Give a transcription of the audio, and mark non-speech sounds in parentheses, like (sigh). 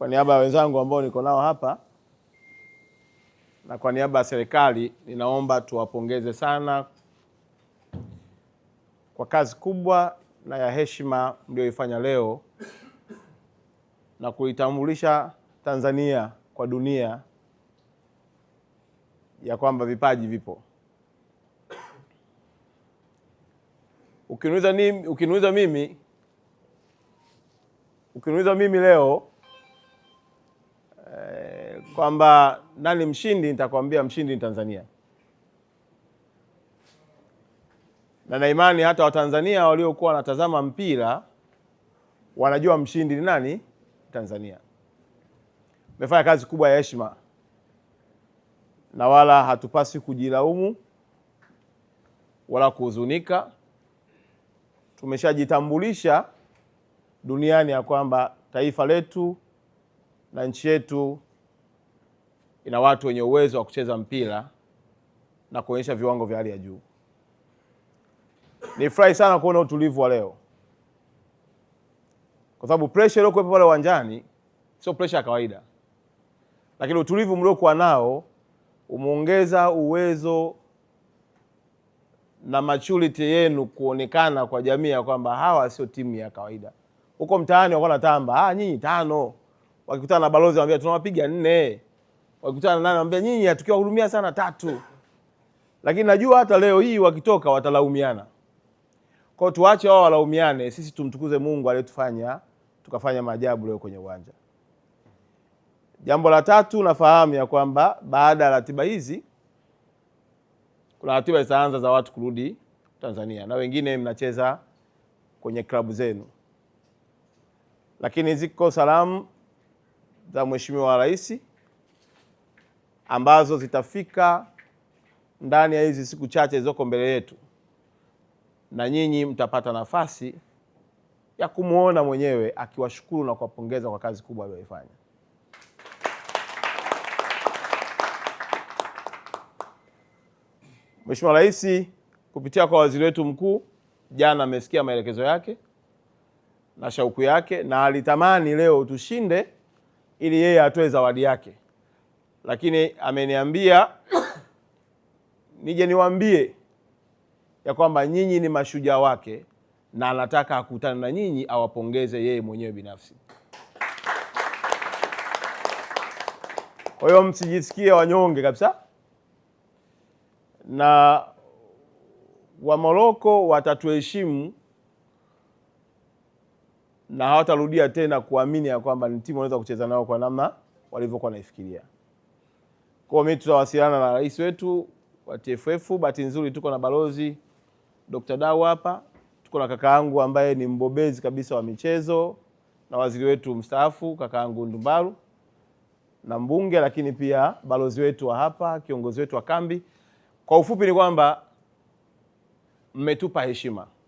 Kwa niaba ya wenzangu ambao niko nao hapa na kwa niaba ya serikali, ninaomba tuwapongeze sana kwa kazi kubwa na ya heshima mlioifanya leo na kuitambulisha Tanzania kwa dunia ya kwamba vipaji vipo. Ukiniuliza mimi, ukiniuliza mimi leo Eh, kwamba nani mshindi, nitakwambia mshindi ni Tanzania, na na imani hata Watanzania waliokuwa wanatazama mpira wanajua mshindi ni nani. Tanzania imefanya kazi kubwa ya heshima na wala hatupasi kujilaumu wala kuhuzunika. Tumeshajitambulisha duniani ya kwamba taifa letu na nchi yetu ina watu wenye uwezo wa kucheza mpira na kuonyesha viwango vya hali ya juu. Nifurahi sana kuona utulivu wa leo, kwa sababu pressure iliyokuwepo pale uwanjani sio pressure ya kawaida, lakini utulivu mliokuwa nao umeongeza uwezo na maturity yenu kuonekana kwa jamii ya kwamba hawa sio timu ya kawaida. Huko mtaani wako natamba, ah, nyinyi tano wakikutana na balozi wanambia tunawapiga nne, wakikutana na nani wanambia nyinyi hatukiwahurumia sana tatu. Lakini najua hata leo hii wakitoka watalaumiana. Kwa hiyo tuache wao walaumiane, sisi tumtukuze Mungu aliyetufanya tukafanya maajabu leo kwenye uwanja. Jambo la tatu, nafahamu ya kwamba baada ya ratiba hizi kuna ratiba zitaanza za watu kurudi Tanzania na wengine mnacheza kwenye klabu zenu, lakini ziko salamu za Mheshimiwa Rais ambazo zitafika ndani ya hizi siku chache zilizoko mbele yetu, na nyinyi mtapata nafasi ya kumwona mwenyewe akiwashukuru na kuwapongeza kwa kazi kubwa aliyoifanya. Mheshimiwa Rais kupitia kwa waziri wetu mkuu jana amesikia maelekezo yake na shauku yake na alitamani leo tushinde ili yeye atoe zawadi yake, lakini ameniambia (coughs) nije niwaambie ya kwamba nyinyi ni mashujaa wake na anataka akutane na nyinyi awapongeze yeye mwenyewe binafsi. Kwa hiyo msijisikie wanyonge kabisa, na Wamoroko watatuheshimu na hawatarudia tena kuamini ya kwamba ni timu wanaweza kucheza nao kwa namna walivyokuwa wanaifikiria. Kwa mimi tutawasiliana na rais wetu wa TFF. Bahati nzuri tuko na balozi Dr. Dau hapa, tuko na kaka yangu ambaye ni mbobezi kabisa wa michezo na waziri wetu mstaafu kakaangu Ndumbaru na mbunge, lakini pia balozi wetu wa hapa, kiongozi wetu wa kambi. Kwa ufupi ni kwamba mmetupa heshima.